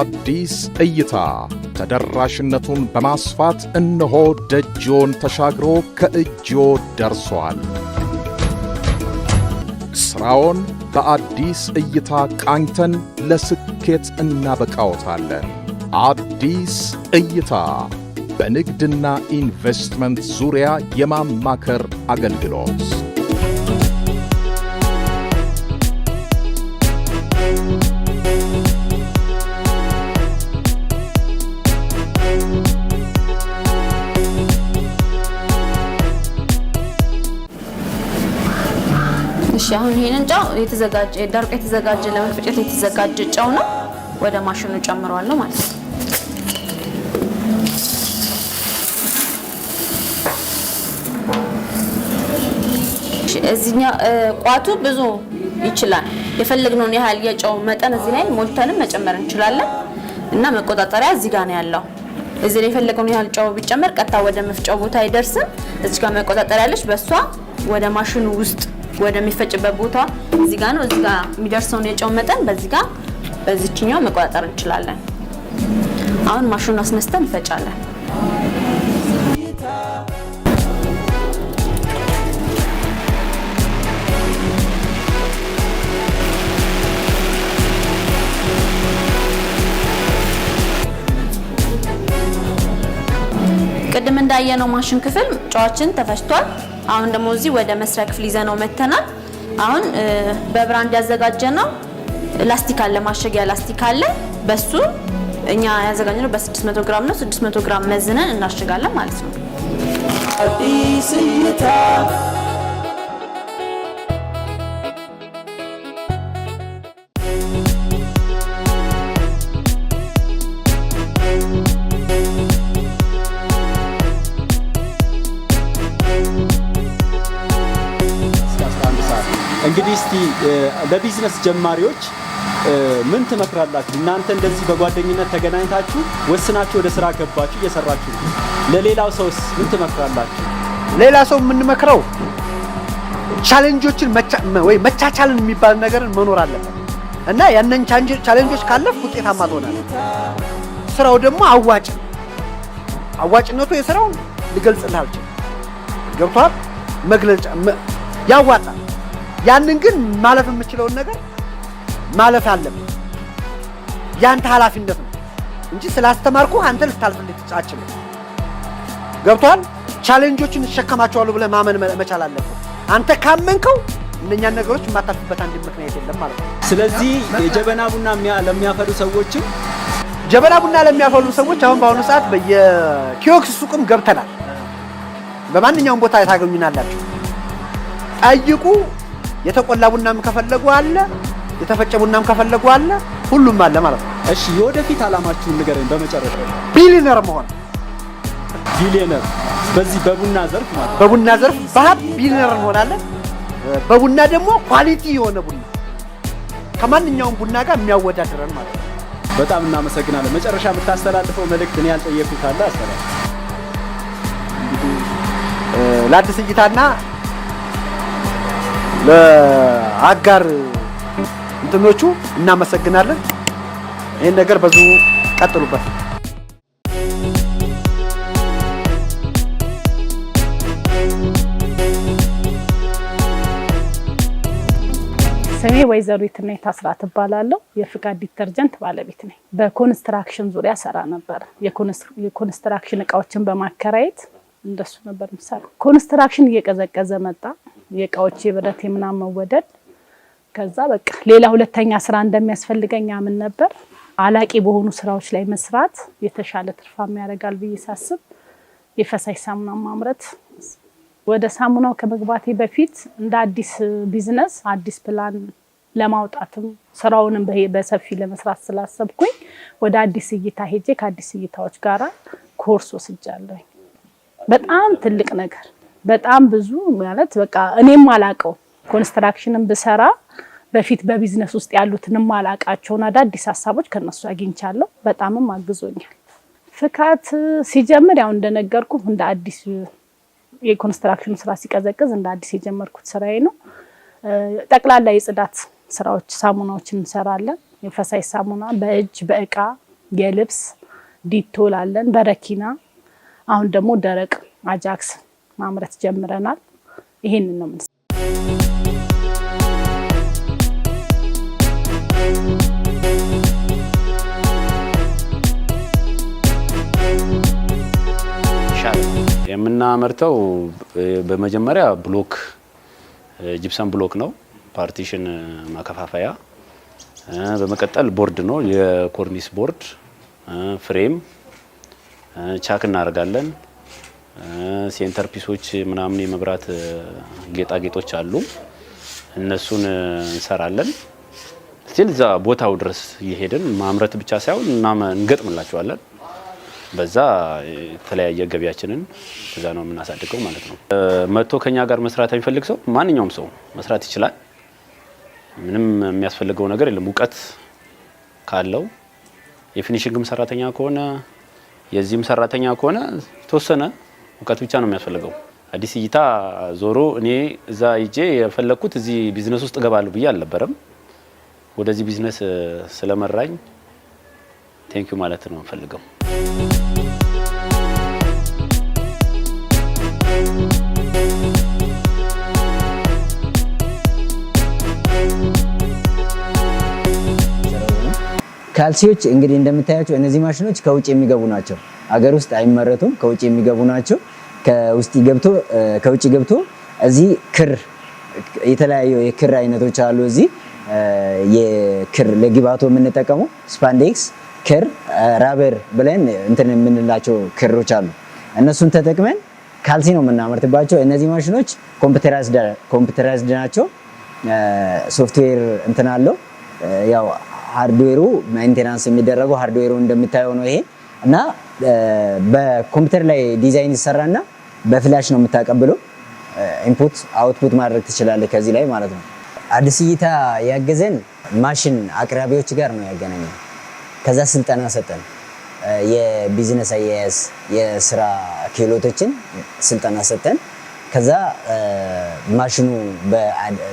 አዲስ እይታ ተደራሽነቱን በማስፋት እነሆ ደጅዎን ተሻግሮ ከእጅዎ ደርሷል። ሥራውን በአዲስ እይታ ቃኝተን ለስኬት እናበቃዎታለን። አዲስ እይታ በንግድና ኢንቨስትመንት ዙሪያ የማማከር አገልግሎት አሁን ይሄንን ጨው የተዘጋጀ ደርቆ የተዘጋጀ ለመፍጨት የተዘጋጀ ጨው ነው ወደ ማሽኑ ጨምረዋለሁ ማለት ነው። እዚህኛው ቋቱ ብዙ ይችላል። የፈለግነውን ያህል የጨው መጠን እዚህ ላይ ሞልተንም መጨመር እንችላለን እና መቆጣጠሪያ እዚህ ጋር ነው ያለው። እዚህ ላይ የፈለግነውን ያህል ጨው ቢጨመር ቀጥታ ወደ መፍጫው ቦታ አይደርስም። እዚህ ጋር መቆጣጠሪያ አለች። በእሷ ወደ ማሽኑ ውስጥ ወደሚፈጭበት ቦታ እዚህ ጋር ነው። እዚህ ጋር የሚደርሰውን የጨው መጠን በዚህ ጋር በዚችኛው መቆጣጠር እንችላለን። አሁን ማሽኑን አስነስተን እንፈጫለን። ቅድም እንዳየነው ማሽን ክፍል ጨዋችን ተፈጭቷል። አሁን ደግሞ እዚህ ወደ መስሪያ ክፍል ይዘነው መተናል። አሁን በብራንድ ያዘጋጀ ነው ላስቲክ አለ፣ ማሸጊያ ላስቲክ አለ። በሱ እኛ ያዘጋጀነው በ600 ግራም ነው። 600 ግራም መዝነን እናሽጋለን ማለት ነው። አዲስ ለቢዝነስ ጀማሪዎች ምን ትመክራላችሁ? እናንተ እንደዚህ በጓደኝነት ተገናኝታችሁ ወስናችሁ ወደ ስራ ገባችሁ እየሰራችሁ፣ ለሌላው ሰውስ ምን ትመክራላችሁ? ሌላ ሰው የምንመክረው ቻሌንጆችን ወይ መቻቻልን የሚባል ነገርን መኖር አለበት እና ያንን ቻሌንጆች ካለፍ ውጤታማ ትሆናለህ። ስራው ደግሞ አዋጭ አዋጭነቱ የስራው ልገልጽልህ አልችልም። ገብቷል? መግለጫ ያዋጣል ያንን ግን ማለፍ የምችለውን ነገር ማለፍ አለብን። ያንተ ኃላፊነት ነው እንጂ ስላስተማርኩ አንተ ልታልፍልኝ ትጫችልም። ገብቷል? ቻሌንጆችን እሸከማቸዋለሁ ብለህ ማመን መቻል አለብን። አንተ ካመንከው እነኛን ነገሮች የማታልፍበት አንድ ምክንያት የለም ማለት ነው። ስለዚህ የጀበና ቡና ለሚያፈሉ ሰዎችም ጀበና ቡና ለሚያፈሉ ሰዎች አሁን በአሁኑ ሰዓት በየኪዮክስ ሱቅም ገብተናል። በማንኛውም ቦታ ታገኙናላችሁ። ጠይቁ። የተቆላ ቡናም ከፈለጉ አለ፣ የተፈጨ ቡናም ከፈለጉ አለ፣ ሁሉም አለ ማለት ነው። እሺ የወደፊት አላማችሁን ንገረኝ። በመጨረሻ ቢሊነር መሆን ቢሊነር፣ በዚህ በቡና ዘርፍ ማለት በቡና ዘርፍ በሀብ ቢሊየነር እንሆናለን። በቡና ደግሞ ኳሊቲ የሆነ ቡና ከማንኛውም ቡና ጋር የሚያወዳድረን ማለት ነው። በጣም እናመሰግናለን። መጨረሻ የምታስተላልፈው መልእክት እኔ ያልጠየኩት አለ አስተላልፍ። ለአዲስ እይታና ለአጋር እንትኖቹ እናመሰግናለን። ይህን ነገር በዙ ቀጥሉበት። ስሜ ወይዘሮ የትናየት የታስራ እባላለሁ። የፍቃድ ዲተርጀንት ባለቤት ነኝ። በኮንስትራክሽን ዙሪያ ሰራ ነበር። የኮንስትራክሽን እቃዎችን በማከራየት እንደሱ ነበር ምሳሌ። ኮንስትራክሽን እየቀዘቀዘ መጣ። የእቃዎች የብረት የምናምን መወደድ ከዛ በቃ ሌላ ሁለተኛ ስራ እንደሚያስፈልገኝ አምን ነበር። አላቂ በሆኑ ስራዎች ላይ መስራት የተሻለ ትርፋማ ያደርጋል ብዬ ሳስብ የፈሳሽ ሳሙና ማምረት ወደ ሳሙናው ከመግባቴ በፊት እንደ አዲስ ቢዝነስ አዲስ ፕላን ለማውጣትም ስራውንም በሰፊ ለመስራት ስላሰብኩኝ ወደ አዲስ እይታ ሄጄ ከአዲስ እይታዎች ጋራ ኮርስ ወስጃለሁኝ። በጣም ትልቅ ነገር በጣም ብዙ ማለት በቃ እኔም አላቀው ኮንስትራክሽንም ብሰራ በፊት በቢዝነስ ውስጥ ያሉትንም አላቃቸውን አዳዲስ ሀሳቦች ከነሱ አግኝቻለሁ። በጣምም አግዞኛል። ፍካት ሲጀምር ያው እንደነገርኩ እንደ አዲስ የኮንስትራክሽኑ ስራ ሲቀዘቅዝ እንደ አዲስ የጀመርኩት ስራዬ ነው። ጠቅላላ የጽዳት ስራዎች ሳሙናዎችን እንሰራለን። የፈሳሽ ሳሙና በእጅ በእቃ የልብስ ዲቶል አለን፣ በረኪና አሁን ደግሞ ደረቅ አጃክስ ማምረት ጀምረናል። ይሄንን ነው የምናመርተው በመጀመሪያ ብሎክ ጅፕሰን ብሎክ ነው፣ ፓርቲሽን ማከፋፈያ። በመቀጠል ቦርድ ነው፣ የኮርኒስ ቦርድ ፍሬም ቻክ እናደርጋለን። ሴንተር ፒሶች ምናምን የመብራት ጌጣጌጦች አሉ። እነሱን እንሰራለን። ስቲል እዛ ቦታው ድረስ እየሄድን ማምረት ብቻ ሳይሆን እንገጥምላቸዋለን። በዛ የተለያየ ገቢያችንን እዛ ነው የምናሳድገው ማለት ነው። መጥቶ ከኛ ጋር መስራት የሚፈልግ ሰው ማንኛውም ሰው መስራት ይችላል። ምንም የሚያስፈልገው ነገር የለም። እውቀት ካለው የፊኒሽንግም ሰራተኛ ከሆነ የዚህም ሰራተኛ ከሆነ የተወሰነ እውቀት ብቻ ነው የሚያስፈልገው። አዲስ እይታ ዞሮ እኔ እዛ ይጄ የፈለግኩት እዚህ ቢዝነስ ውስጥ እገባለሁ ብዬ አልነበረም። ወደዚህ ቢዝነስ ስለመራኝ ቴንኪዩ ማለት ነው የምፈልገው። ካልሲዎች እንግዲህ እንደምታያቸው እነዚህ ማሽኖች ከውጭ የሚገቡ ናቸው። አገር ውስጥ አይመረቱም፣ ከውጭ የሚገቡ ናቸው። ከውስጥ ገብቶ ከውጭ ገብቶ እዚህ ክር የተለያዩ የክር አይነቶች አሉ። እዚህ የክር ለግባቶ የምንጠቀሙ ስፓንዴክስ ክር፣ ራበር ብለን እንትን የምንላቸው ክሮች አሉ። እነሱን ተጠቅመን ካልሲ ነው የምናመርትባቸው። እነዚህ ማሽኖች ኮምፒውተራይዝድ ናቸው። ሶፍትዌር እንትን አለው። ያው ሃርድዌሩ ሜንቴናንስ የሚደረገው ሃርድዌሩ እንደምታየው ነው ይሄ እና በኮምፒውተር ላይ ዲዛይን ይሰራና በፍላሽ ነው የምታቀብለው። ኢንፑት አውትፑት ማድረግ ትችላለህ ከዚህ ላይ ማለት ነው። አዲስ እይታ ያገዘን ማሽን አቅራቢዎች ጋር ነው ያገናኘን። ከዛ ስልጠና ሰጠን። የቢዝነስ አያያዝ የስራ ክህሎቶችን ስልጠና ሰጠን። ከዛ ማሽኑ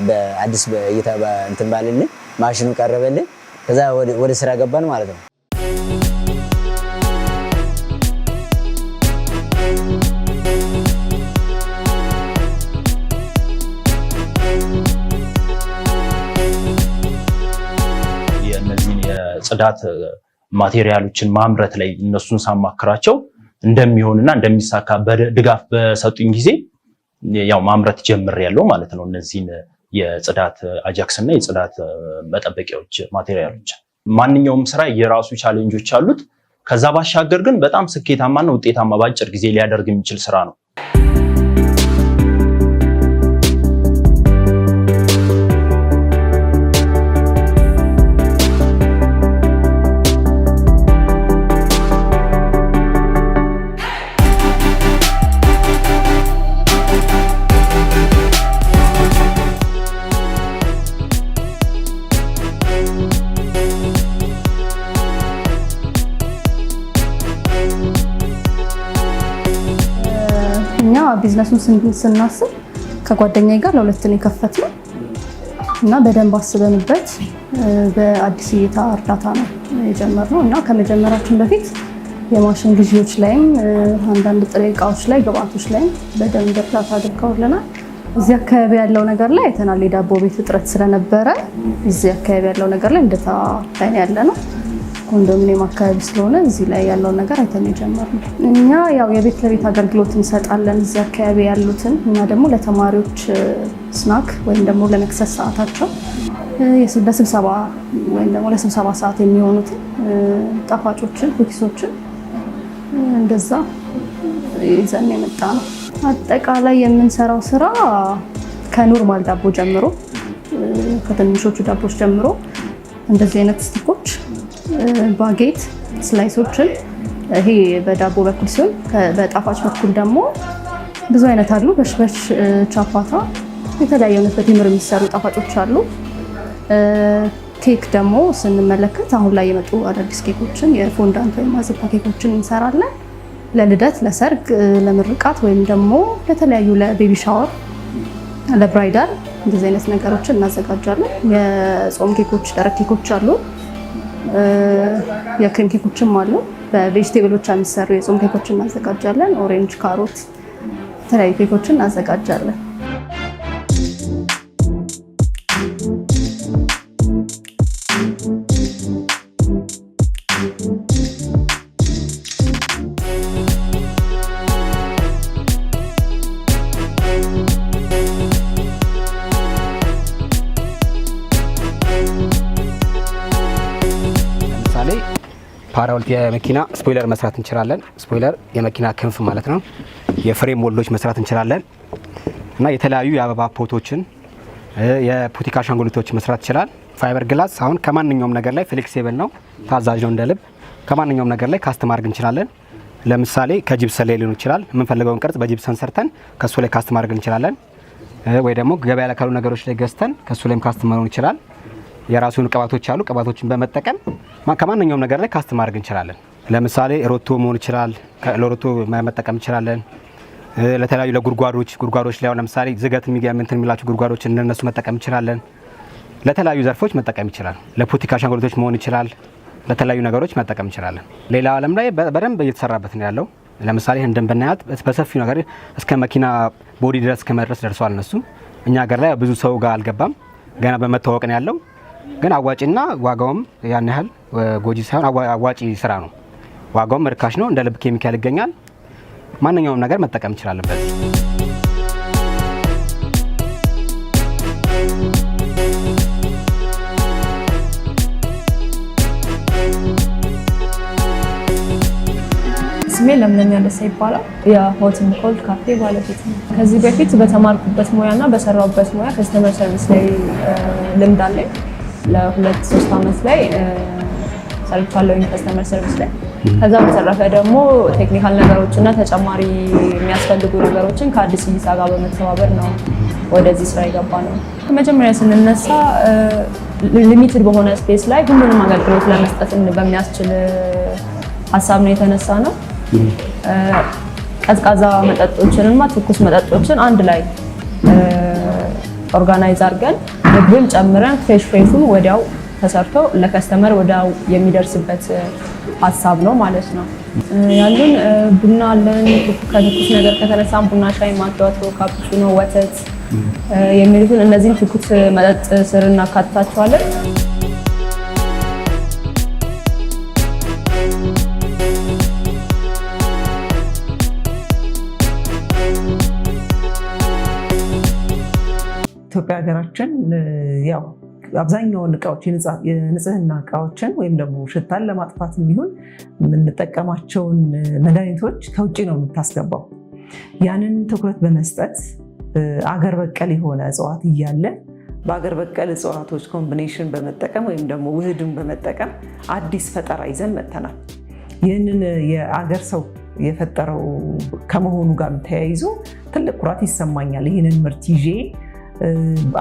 በአዲስ እይታ እንትን ባልልን ማሽኑ ቀረበልን። ከዛ ወደ ስራ ገባን ማለት ነው። የጽዳት ማቴሪያሎችን ማምረት ላይ እነሱን ሳማክራቸው እንደሚሆንና እንደሚሳካ ድጋፍ በሰጡኝ ጊዜ ያው ማምረት ጀምር ያለው ማለት ነው። እነዚህን የጽዳት አጃክስ እና የጽዳት መጠበቂያዎች ማቴሪያሎች። ማንኛውም ስራ የራሱ ቻሌንጆች አሉት። ከዛ ባሻገር ግን በጣም ስኬታማና ውጤታማ በአጭር ጊዜ ሊያደርግ የሚችል ስራ ነው። ቢዝነሱን ስናስብ ከጓደኛ ጋር ለሁለት ነው የከፈትነው እና በደንብ አስበንበት በአዲስ እይታ እርዳታ ነው የጀመርነው እና ከመጀመራችን በፊት የማሽን ግዢዎች ላይም አንዳንድ ጥሬ እቃዎች ላይ ግብአቶች ላይም በደንብ እርዳታ አድርገውልናል። እዚህ አካባቢ ያለው ነገር ላይ አይተናል። የዳቦ ቤት እጥረት ስለነበረ እዚህ አካባቢ ያለው ነገር ላይ እንደታታይን ያለ ነው። ኮንዶሚኒየም አካባቢ ስለሆነ እዚህ ላይ ያለውን ነገር አይተን የጀመርነው እኛ ያው የቤት ለቤት አገልግሎት እንሰጣለን እዚህ አካባቢ ያሉትን እና ደግሞ ለተማሪዎች ስናክ ወይም ደግሞ ለመክሰስ ሰዓታቸው ለስብሰባ ወይም ደግሞ ለስብሰባ ሰዓት የሚሆኑትን ጣፋጮችን፣ ኩኪሶችን እንደዛ ይዘን የመጣ ነው። አጠቃላይ የምንሰራው ስራ ከኖርማል ዳቦ ጀምሮ ከትንሾቹ ዳቦች ጀምሮ እንደዚህ አይነት ስቲኮች ባጌት ስላይሶችን ይሄ በዳቦ በኩል ሲሆን በጣፋጭ በኩል ደግሞ ብዙ አይነት አሉ። በሽበሽ፣ ቻፓታ የተለያዩ አይነት በቴምር የሚሰሩ ጣፋጮች አሉ። ኬክ ደግሞ ስንመለከት አሁን ላይ የመጡ አዳዲስ ኬኮችን የፎንዳንት ወይም አዘፓ ኬኮችን እንሰራለን። ለልደት፣ ለሰርግ፣ ለምርቃት ወይም ደግሞ ለተለያዩ ለቤቢ ሻወር፣ ለብራይዳል እንደዚህ አይነት ነገሮችን እናዘጋጃለን። የጾም ኬኮች፣ ደረቅ ኬኮች አሉ። የክሬም ኬኮችም አሉ። በቬጅቴብሎች የሚሰሩ የጾም ኬኮችን እናዘጋጃለን። ኦሬንጅ፣ ካሮት የተለያዩ ኬኮችን እናዘጋጃለን። ለምሳሌ ፓራውልት የመኪና ስፖይለር መስራት እንችላለን። ስፖይለር የመኪና ክንፍ ማለት ነው። የፍሬም ሞልዶች መስራት እንችላለን እና የተለያዩ የአበባ ፖቶችን የፑቲካ አሻንጉሊቶችን መስራት ይችላል። ፋይበር ግላስ አሁን ከማንኛውም ነገር ላይ ፍሌክሲብል ነው፣ ታዛዥ ነው እንደ ልብ። ከማንኛውም ነገር ላይ ካስት ማድረግ እንችላለን። ለምሳሌ ከጅብሰን ላይ ሊሆን ይችላል። የምንፈልገውን ቅርጽ በጅብሰን ሰርተን ከእሱ ላይ ካስተም ማድረግ እንችላለን። ወይ ደግሞ ገበያ ላይ ካሉ ነገሮች ላይ ገዝተን ከእሱ ላይም ካስተም መሆን ይችላል። የራሱ የሆኑ ቅባቶች አሉ። ቅባቶችን በመጠቀም ከማንኛውም ነገር ላይ ካስት ማድረግ እንችላለን። ለምሳሌ ሮቶ መሆን ይችላል። ለሮቶ መጠቀም እንችላለን። ለተለያዩ ለጉድጓዶች ጉድጓዶች ላይ ለምሳሌ ዝገት እንትን የሚላቸው ጉድጓዶች እነሱ መጠቀም እንችላለን። ለተለያዩ ዘርፎች መጠቀም ይችላል። ለፖቲካ አሻንጉሊቶች መሆን ይችላል። ለተለያዩ ነገሮች መጠቀም እንችላለን። ሌላ ዓለም ላይ በደንብ እየተሰራበት ነው ያለው። ለምሳሌ ህንድን ብናያት በሰፊው ነገር እስከ መኪና ቦዲ ድረስ እስከ መድረስ ደርሷል። እነሱ እኛ ሀገር ላይ ብዙ ሰው ጋር አልገባም። ገና በመታወቅ ነው ያለው። ግን አዋጭና ዋጋውም ያን ያህል ጎጂ ሳይሆን አዋጪ ስራ ነው። ዋጋውም እርካሽ ነው። እንደ ልብ ኬሚካል ይገኛል። ማንኛውም ነገር መጠቀም ይችላልበት። ስሜ ለምለም ያነሳ ይባላል። የሆትን ኮልድ ካፌ ባለቤት ነው። ከዚህ በፊት በተማርኩበት ሙያና በሰራሁበት ሙያ ከስተመር ሰርቪስ ላይ ልምድ አለኝ። ለሁለት ሶስት ዓመት ላይ ሰርቻለሁኝ ከስተመር ሰርቪስ ላይ። ከዛ በተረፈ ደግሞ ቴክኒካል ነገሮች እና ተጨማሪ የሚያስፈልጉ ነገሮችን ከአዲስ እይታ ጋር በመተባበር ነው ወደዚህ ስራ የገባ ነው። ከመጀመሪያ ስንነሳ ሊሚትድ በሆነ ስፔስ ላይ ሁሉንም አገልግሎት ለመስጠት በሚያስችል ሀሳብ ነው የተነሳ ነው። ቀዝቃዛ መጠጦችን ትኩስ መጠጦችን አንድ ላይ ኦርጋናይዝ አድርገን ምግብም ጨምረን ፍሬሽ ፍሬሹን ወዲያው ተሰርቶ ለከስተመር ወዲያው የሚደርስበት ሀሳብ ነው ማለት ነው። ያሉን ቡና አለን። ከትኩስ ነገር ከተነሳም ቡና፣ ሻይ፣ ማኪያቶ፣ ካፕቺኖ፣ ወተት የሚሉትን እነዚህን ትኩስ መጠጥ ስር እናካትታቸዋለን። ኢትዮጵያ ሀገራችን ያው አብዛኛውን እቃዎች የንጽህና እቃዎችን ወይም ደግሞ ሽታን ለማጥፋት የሚሆን የምንጠቀማቸውን መድኃኒቶች ከውጭ ነው የምታስገባው። ያንን ትኩረት በመስጠት አገር በቀል የሆነ እጽዋት እያለ በአገር በቀል እጽዋቶች ኮምቢኔሽን በመጠቀም ወይም ደግሞ ውህድን በመጠቀም አዲስ ፈጠራ ይዘን መጥተናል። ይህንን የአገር ሰው የፈጠረው ከመሆኑ ጋር ተያይዞ ትልቅ ኩራት ይሰማኛል። ይህንን ምርት ይዤ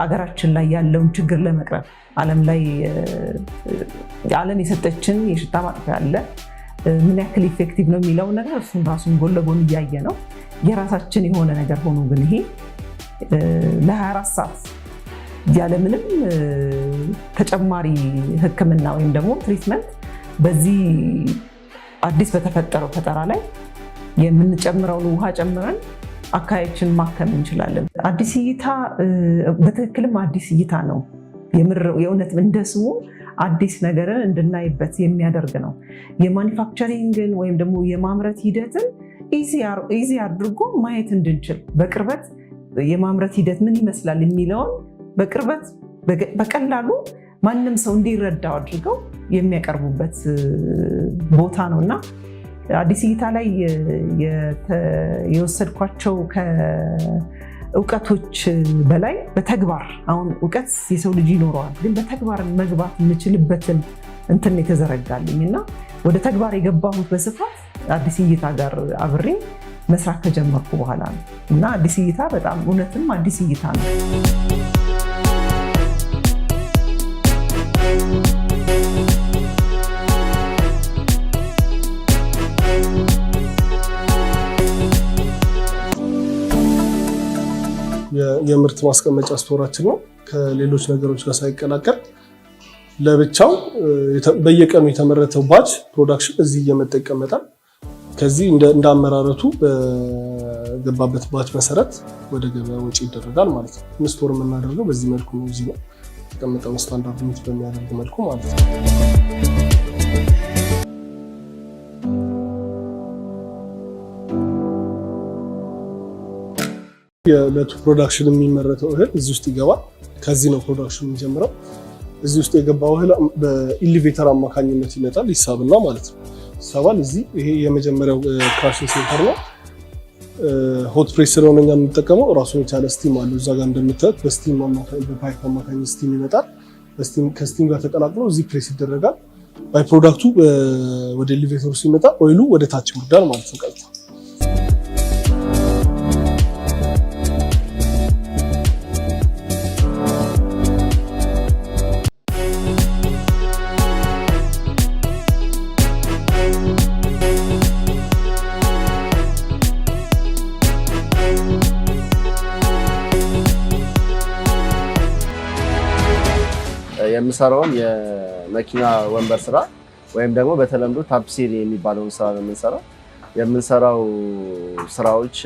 አገራችን ላይ ያለውን ችግር ለመቅረብ ዓለም ላይ ዓለም የሰጠችን የሽታ ማጥፊያ አለ። ምን ያክል ኢፌክቲቭ ነው የሚለው ነገር እሱን ራሱን ጎን ለጎን እያየ ነው። የራሳችን የሆነ ነገር ሆኖ ግን ይሄ ለ24 ሰዓት ያለምንም ተጨማሪ ሕክምና ወይም ደግሞ ትሪትመንት በዚህ አዲስ በተፈጠረው ፈጠራ ላይ የምንጨምረውን ውሃ ጨምረን አካባቢዎችን ማከም እንችላለን። አዲስ እይታ በትክክልም አዲስ እይታ ነው። የምር የእውነት እንደ ስሙ አዲስ ነገርን እንድናይበት የሚያደርግ ነው። የማኒፋክቸሪንግን ወይም ደግሞ የማምረት ሂደትን ኢዚ አድርጎ ማየት እንድንችል በቅርበት የማምረት ሂደት ምን ይመስላል የሚለውን በቅርበት በቀላሉ ማንም ሰው እንዲረዳው አድርገው የሚያቀርቡበት ቦታ ነው እና አዲስ እይታ ላይ የወሰድኳቸው እውቀቶች በላይ በተግባር አሁን እውቀት የሰው ልጅ ይኖረዋል፣ ግን በተግባር መግባት የምችልበትን እንትን የተዘረጋልኝ እና ወደ ተግባር የገባሁት በስፋት አዲስ እይታ ጋር አብሬ መስራት ከጀመርኩ በኋላ ነው እና አዲስ እይታ በጣም እውነትም አዲስ እይታ ነው። የምርት ማስቀመጫ ስቶራችን ነው። ከሌሎች ነገሮች ጋር ሳይቀላቀል ለብቻው በየቀኑ የተመረተው ባች ፕሮዳክሽን እዚህ እየመጣ ይቀመጣል። ከዚህ እንደ አመራረቱ በገባበት ባች መሰረት ወደ ገበያ ወጪ ይደረጋል ማለት ነው። ምስቶር የምናደርገው በዚህ መልኩ ነው። እዚህ ነው የተቀመጠውን ስታንዳርድ ሚት በሚያደርግ መልኩ ማለት ነው። ፕሮዳክሽን የሚመረተው እህል እዚህ ውስጥ ይገባል። ከዚህ ነው ፕሮዳክሽን የሚጀምረው። እዚህ ውስጥ የገባው እህል በኢሊቬተር አማካኝነት ይመጣል፣ ይሳብና ማለት ነው። ይሳባል። እዚህ ይሄ የመጀመሪያው ክራሽን ሴንተር ነው። ሆት ፕሬስ ስለሆነ እኛ የምንጠቀመው ራሱን የቻለ ስቲም አለው። እዛ ጋር እንደምታዩት በስቲም በፓይፕ አማካኝ ስቲም ይመጣል። ከስቲም ጋር ተቀላቅሎ እዚህ ፕሬስ ይደረጋል። ባይ ፕሮዳክቱ ወደ ኢሊቬተሩ ሲመጣ ኦይሉ ወደ ታች ይወርዳል ማለት ነው ቀጥታ የምንሰራውን የመኪና ወንበር ስራ ወይም ደግሞ በተለምዶ ታፕሴሪ የሚባለውን ስራ ነው የምንሰራው። የምንሰራው ስራዎች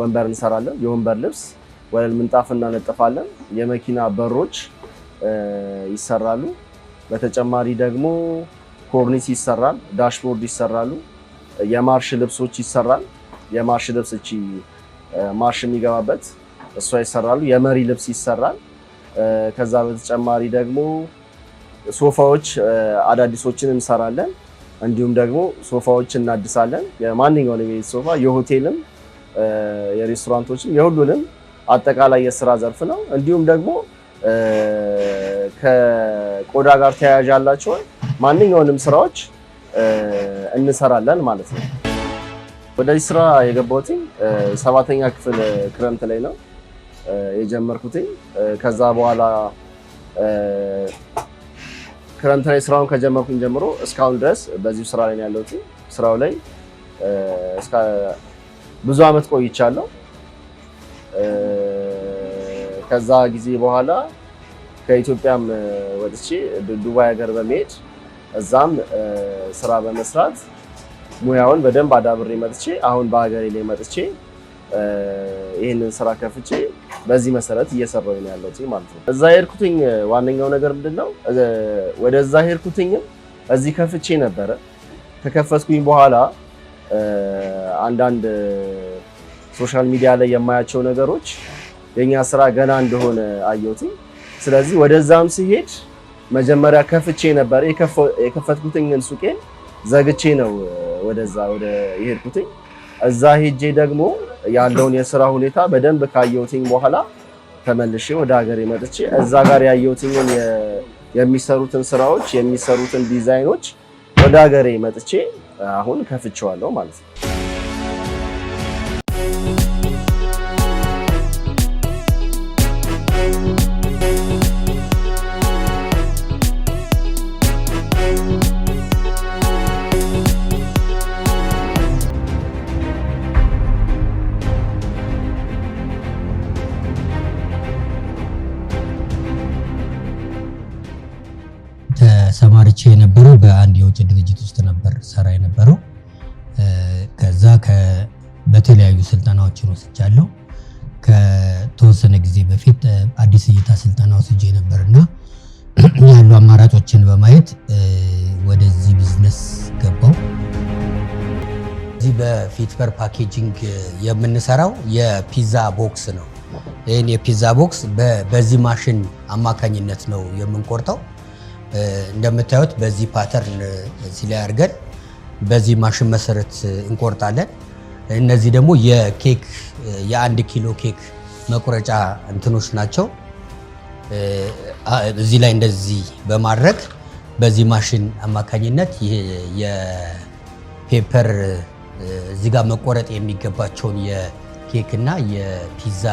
ወንበር እንሰራለን፣ የወንበር ልብስ፣ ወለል ምንጣፍ እናነጥፋለን፣ የመኪና በሮች ይሰራሉ። በተጨማሪ ደግሞ ኮርኒስ ይሰራል፣ ዳሽቦርድ ይሰራሉ፣ የማርሽ ልብሶች ይሰራል። የማርሽ ልብስ እቺ ማርሽ የሚገባበት እሷ ይሰራሉ። የመሪ ልብስ ይሰራል። ከዛ በተጨማሪ ደግሞ ሶፋዎች አዳዲሶችን እንሰራለን። እንዲሁም ደግሞ ሶፋዎች እናድሳለን። የማንኛውን የቤት ሶፋ የሆቴልም፣ የሬስቶራንቶችም፣ የሁሉንም አጠቃላይ የስራ ዘርፍ ነው። እንዲሁም ደግሞ ከቆዳ ጋር ተያያዥ ያላቸውን ማንኛውንም ስራዎች እንሰራለን ማለት ነው። ወደዚህ ስራ የገባሁት ሰባተኛ ክፍል ክረምት ላይ ነው። የጀመርኩትኝ። ከዛ በኋላ ክረምት ላይ ስራውን ከጀመርኩኝ ጀምሮ እስካሁን ድረስ በዚሁ ስራ ላይ ያለሁት ስራው ላይ ብዙ አመት ቆይቻለሁ። ከዛ ጊዜ በኋላ ከኢትዮጵያም ወጥቼ ዱባይ ሀገር በመሄድ እዛም ስራ በመስራት ሙያውን በደንብ አዳብሬ መጥቼ አሁን በሀገሬ ላይ መጥቼ ይህንን ስራ ከፍቼ በዚህ መሰረት እየሰራሁ ነው ያለሁት ማለት ነው። እዛ ሄድኩትኝ ዋነኛው ነገር ምንድን ነው፣ ወደዛ ሄድኩትኝም እዚህ ከፍቼ ነበረ። ከከፈትኩኝ በኋላ አንዳንድ ሶሻል ሚዲያ ላይ የማያቸው ነገሮች የኛ ስራ ገና እንደሆነ አየሁትኝ። ስለዚህ ወደዛም ሲሄድ መጀመሪያ ከፍቼ ነበረ። የከፈትኩትኝን ሱቄን ዘግቼ ነው ወደዛ ወደ የሄድኩትኝ። እዛ ሄጄ ደግሞ ያለውን የስራ ሁኔታ በደንብ ካየሁትኝ በኋላ ተመልሼ ወደ ሀገር መጥቼ እዛ ጋር ያየሁትኝን የሚሰሩትን ስራዎች የሚሰሩትን ዲዛይኖች ወደ ሀገሬ መጥቼ አሁን ከፍቼዋለሁ ማለት ነው። ቪዲዮዎችን በማየት ወደዚህ ቢዝነስ ገባው። እዚህ በፊትፈር ፓኬጂንግ የምንሰራው የፒዛ ቦክስ ነው። ይህን የፒዛ ቦክስ በዚህ ማሽን አማካኝነት ነው የምንቆርጠው። እንደምታዩት በዚህ ፓተርን እዚህ ላይ አድርገን በዚህ ማሽን መሰረት እንቆርጣለን። እነዚህ ደግሞ የኬክ የአንድ ኪሎ ኬክ መቁረጫ እንትኖች ናቸው። እዚህ ላይ እንደዚህ በማድረግ በዚህ ማሽን አማካኝነት የፔፐር እዚህ ጋር መቆረጥ የሚገባቸውን የኬክ እና የፒዛ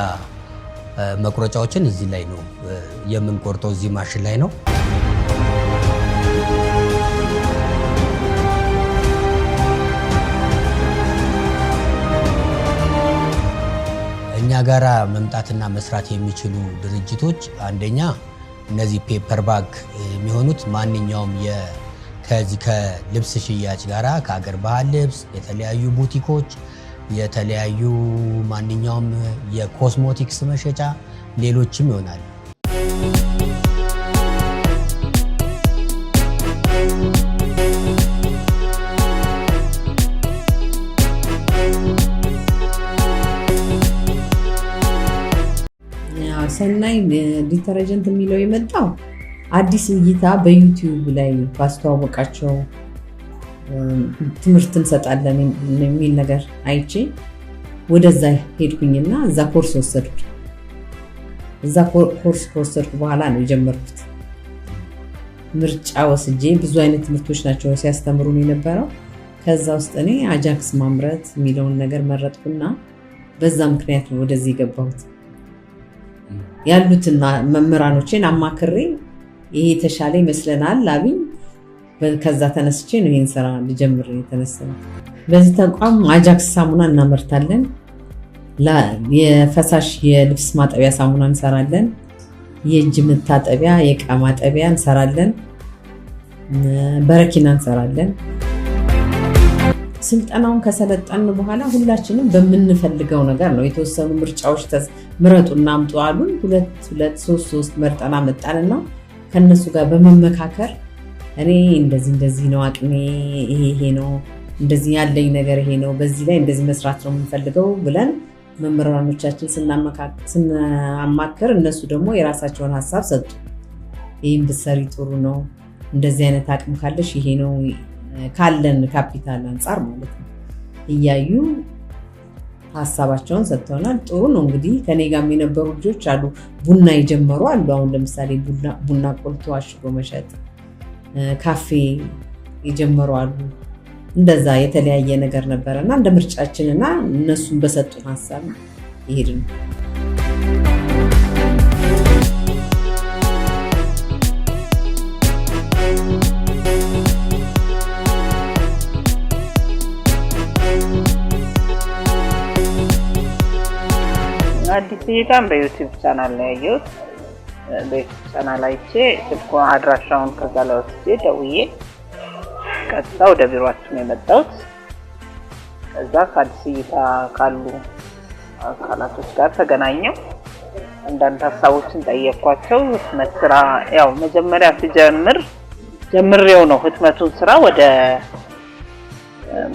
መቁረጫዎችን እዚህ ላይ ነው የምንቆርጠው። እዚህ ማሽን ላይ ነው። እኛ ጋራ መምጣትና መስራት የሚችሉ ድርጅቶች አንደኛ እነዚህ ፔፐር ባግ የሚሆኑት ማንኛውም ከዚህ ከልብስ ሽያጭ ጋር ከአገር ባህል ልብስ፣ የተለያዩ ቡቲኮች፣ የተለያዩ ማንኛውም የኮስሞቲክስ መሸጫ ሌሎችም ይሆናል። ሰናይ ዲተረጀንት የሚለው የመጣው አዲስ እይታ በዩቲዩብ ላይ ባስተዋወቃቸው ትምህርት እንሰጣለን የሚል ነገር አይቼ ወደዛ ሄድኩኝና እዛ ኮርስ ወሰድኩ። እዛ ኮርስ ከወሰድኩ በኋላ ነው የጀመርኩት። ምርጫ ወስጄ ብዙ አይነት ትምህርቶች ናቸው ሲያስተምሩን የነበረው። ከዛ ውስጥ እኔ አጃክስ ማምረት የሚለውን ነገር መረጥኩና በዛ ምክንያት ነው ወደዚህ የገባሁት። ያሉትን መምህራኖችን አማክሬ ይሄ የተሻለ ይመስለናል ላቢኝ ከዛ ተነስቼ ነው ይህን ስራ ልጀምር የተነሳ። በዚህ ተቋም አጃክስ ሳሙና እናመርታለን። የፈሳሽ የልብስ ማጠቢያ ሳሙና እንሰራለን። የእጅ መታጠቢያ፣ የዕቃ ማጠቢያ እንሰራለን። በረኪና እንሰራለን። ስልጠናውን ከሰለጠን በኋላ ሁላችንም በምንፈልገው ነገር ነው። የተወሰኑ ምርጫዎች ምረጡ እናምጡ አሉን። ሁለት ሁለት ሶስት ሶስት መርጠና መጣንና ከነሱ ጋር በመመካከር እኔ እንደዚህ እንደዚህ ነው አቅሜ ይሄ ይሄ ነው እንደዚህ ያለኝ ነገር ይሄ ነው፣ በዚህ ላይ እንደዚህ መስራት ነው የምንፈልገው ብለን መምህራኖቻችን ስናማክር እነሱ ደግሞ የራሳቸውን ሀሳብ ሰጡ። ይህም ብትሰሪ ጥሩ ነው፣ እንደዚህ አይነት አቅም ካለሽ ይሄ ነው ካለን ካፒታል አንጻር ማለት ነው እያዩ ሀሳባቸውን ሰጥተውናል። ጥሩ ነው እንግዲህ ከኔ ጋር የነበሩ ልጆች አሉ፣ ቡና የጀመሩ አሉ። አሁን ለምሳሌ ቡና ቆልቶ አሽጎ መሸጥ፣ ካፌ የጀመሩ አሉ። እንደዛ የተለያየ ነገር ነበረ እና እንደ ምርጫችን እና እነሱን በሰጡን ሀሳብ ይሄድ ነው። እይታም በዩቲዩብ ቻናል ላይ ያየሁት። በዩቲዩብ ቻናል አይቼ ስልኮ አድራሻውን ከዛ ላይ ወስጄ ደውዬ ቀጥታ ወደ ቢሮአችሁ የመጣሁት። ከዛ ከአዲስ እይታ ካሉ አካላቶች ጋር ተገናኘው አንዳንድ ሀሳቦችን ጠየኳቸው። ህትመት ስራ ያው መጀመሪያ ሲጀምር ጀምሬው ነው ህትመቱን ስራ ወደ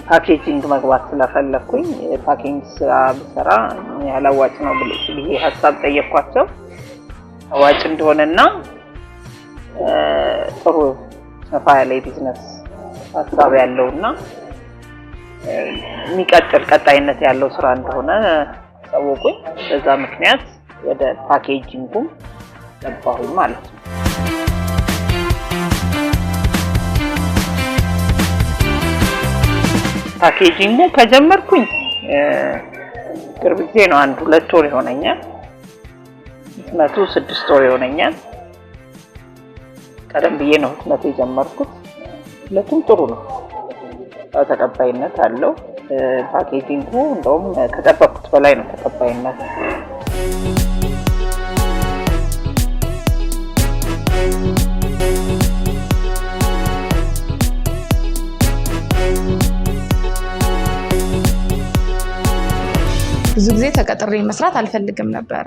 ፓኬጂንግ መግባት ስለፈለግኩኝ የፓኬጅ ስራ ብሰራ ያህል አዋጭ ነው ብዬ ሀሳብ ጠየኳቸው። አዋጭ እንደሆነና ጥሩ ሰፋ ያለ የቢዝነስ ሀሳብ ያለውና የሚቀጥል ቀጣይነት ያለው ስራ እንደሆነ ታወቁኝ። በዛ ምክንያት ወደ ፓኬጂንጉም ገባሁኝ ማለት ነው። ፓኬጂንጉ ከጀመርኩኝ ቅርብ ጊዜ ነው። አንድ ሁለት ወር ይሆነኛል። ህትመቱ ስድስት ወር ይሆነኛል። ቀደም ብዬ ነው ህትመቱ የጀመርኩት። ሁለቱም ጥሩ ነው፣ ተቀባይነት አለው። ፓኬጂንጉ እንደውም ከጠበቅኩት በላይ ነው ተቀባይነት ብዙ ጊዜ ተቀጥሬ መስራት አልፈልግም ነበረ።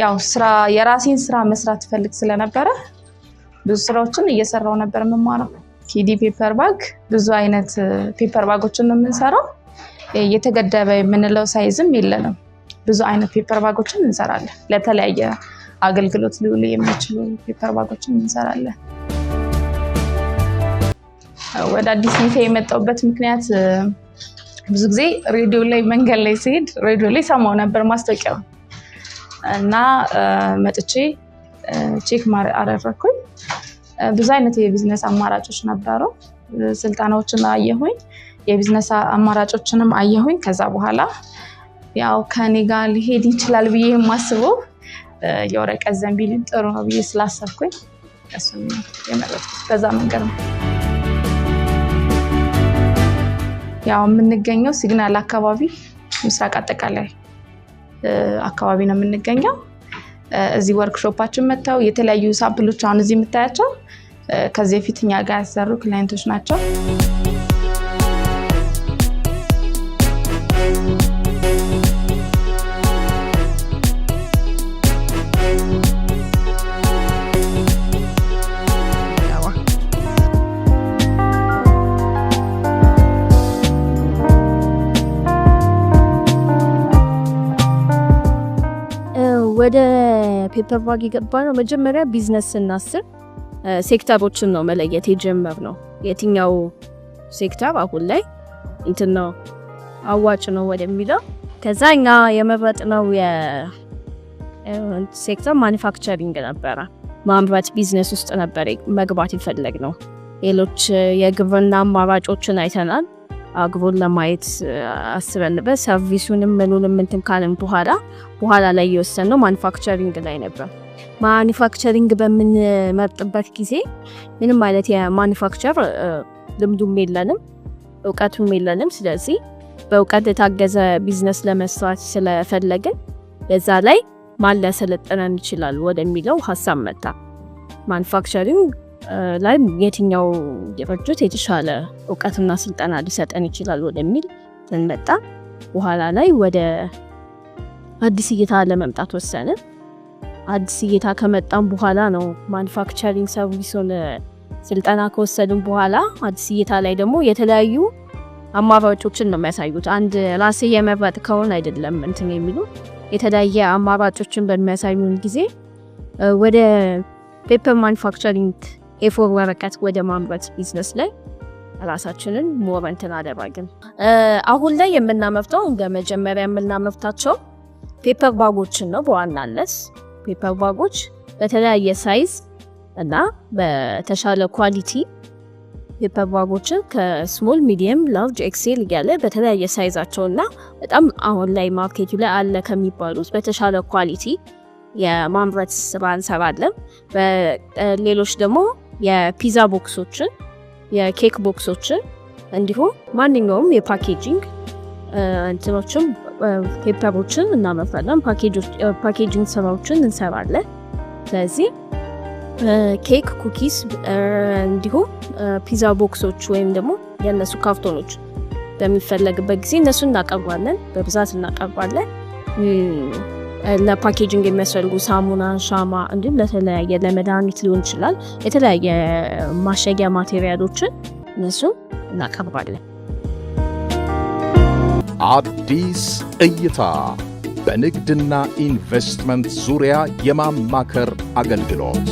ያው ስራ የራሴን ስራ መስራት ፈልግ ስለነበረ ብዙ ስራዎችን እየሰራው ነበር የምማረው። ኪዲ ፔፐር ባግ ብዙ አይነት ፔፐር ባጎችን ነው የምንሰራው። የተገደበ የምንለው ሳይዝም የለንም። ብዙ አይነት ፔፐር ባጎችን እንሰራለን። ለተለያየ አገልግሎት ሊውሉ የሚችሉ ፔፐር ባጎችን እንሰራለን። ወደ አዲስ ሚታ የመጣውበት ምክንያት ብዙ ጊዜ ሬዲዮ ላይ መንገድ ላይ ሲሄድ ሬዲዮ ላይ ሰማው ነበር ማስታወቂያ እና መጥቼ ቼክ አደረግኩኝ። ብዙ አይነት የቢዝነስ አማራጮች ነበሩ። ስልጠናዎችን አየሁኝ፣ የቢዝነስ አማራጮችንም አየሁኝ። ከዛ በኋላ ያው ከኔ ጋር ሊሄድ ይችላል ብዬ የማስበው የወረቀት ዘንቢልን ጥሩ ነው ብዬ ስላሰብኩኝ እሱ የመረጥኩት በዛ መንገድ ነው። ያው የምንገኘው ሲግናል አካባቢ ምስራቅ አጠቃላይ አካባቢ ነው የምንገኘው። እዚህ ወርክሾፓችን መጥተው የተለያዩ ሳምፕሎች አሁን እዚህ የምታያቸው ከዚህ በፊት እኛ ጋር ያሰሩ ክላይንቶች ናቸው። ወደ ፔፐር ባግ የገባ ነው። መጀመሪያ ቢዝነስ ስናስር ሴክተሮችን ነው መለየት የጀመር ነው። የትኛው ሴክተር አሁን ላይ እንትን ነው አዋጭ ነው ወደሚለው ከዛ እኛ ነው ሴክተር ማኒፋክቸሪንግ ነበረ። ማምረት ቢዝነስ ውስጥ ነበር መግባት ይፈለግ ነው። ሌሎች የግብርና አማራጮችን አይተናል። አግቦን ለማየት አስበን ሰርቪሱንም ምኑንም እንትን ካልን በኋላ በኋላ ላይ የወሰን ነው ማኒፋክቸሪንግ ላይ ነበር። ማኒፋክቸሪንግ በምንመርጥበት ጊዜ ምንም አይነት የማኒፋክቸር ልምዱም የለንም እውቀቱም የለንም። ስለዚህ በእውቀት የታገዘ ቢዝነስ ለመስራት ስለፈለግን በዛ ላይ ማን ሊያሰለጥነን ይችላል ወደሚለው ሀሳብ መጣ ማኒፋክቸሪንግ ላይ የትኛው ድርጅት የተሻለ እውቀትና ስልጠና ሊሰጠን ይችላል ወደሚል ስንመጣ በኋላ ላይ ወደ አዲስ እይታ ለመምጣት ወሰንን። አዲስ እይታ ከመጣም በኋላ ነው ማኑፋክቸሪንግ ሰርቪሱን ስልጠና ከወሰድን በኋላ አዲስ እይታ ላይ ደግሞ የተለያዩ አማራጮችን ነው የሚያሳዩት። አንድ ራሴ የመረጥ ከሆን አይደለም እንትን የሚሉ የተለያየ አማራጮችን በሚያሳዩን ጊዜ ወደ ፔፐር ማኑፋክቸሪንግ ኤፎር ወረቀት ወደ ማምረት ቢዝነስ ላይ ራሳችንን ሞር እንትን አደረግን። አሁን ላይ የምናመርተው እንደ መጀመሪያ የምናመርታቸው ፔፐር ባጎችን ነው በዋናነት ፔፐር ባጎች በተለያየ ሳይዝ እና በተሻለ ኳሊቲ ፔፐር ባጎችን ከስሞል ሚዲየም፣ ላርጅ፣ ኤክሴል እያለ በተለያየ ሳይዛቸው እና በጣም አሁን ላይ ማርኬቱ ላይ አለ ከሚባሉት በተሻለ ኳሊቲ የማምረት ስራ እንሰራለን። ሌሎች ደግሞ የፒዛ ቦክሶችን፣ የኬክ ቦክሶችን እንዲሁም ማንኛውም የፓኬጂንግ እንትኖችን ፔፐሮችን እናመርታለን። ፓኬጂንግ ስራዎችን እንሰራለን። ስለዚህ ኬክ፣ ኩኪስ እንዲሁም ፒዛ ቦክሶች ወይም ደግሞ የእነሱ ካርቶኖች በሚፈለግበት ጊዜ እነሱ እናቀርባለን፣ በብዛት እናቀርባለን። ለፓኬጂንግ የሚያስፈልጉ ሳሙና፣ ሻማ እንዲሁም ለተለያየ ለመድኃኒት ሊሆን ይችላል የተለያየ ማሸጊያ ማቴሪያሎችን እነሱም እናቀርባለን። አዲስ እይታ በንግድና ኢንቨስትመንት ዙሪያ የማማከር አገልግሎት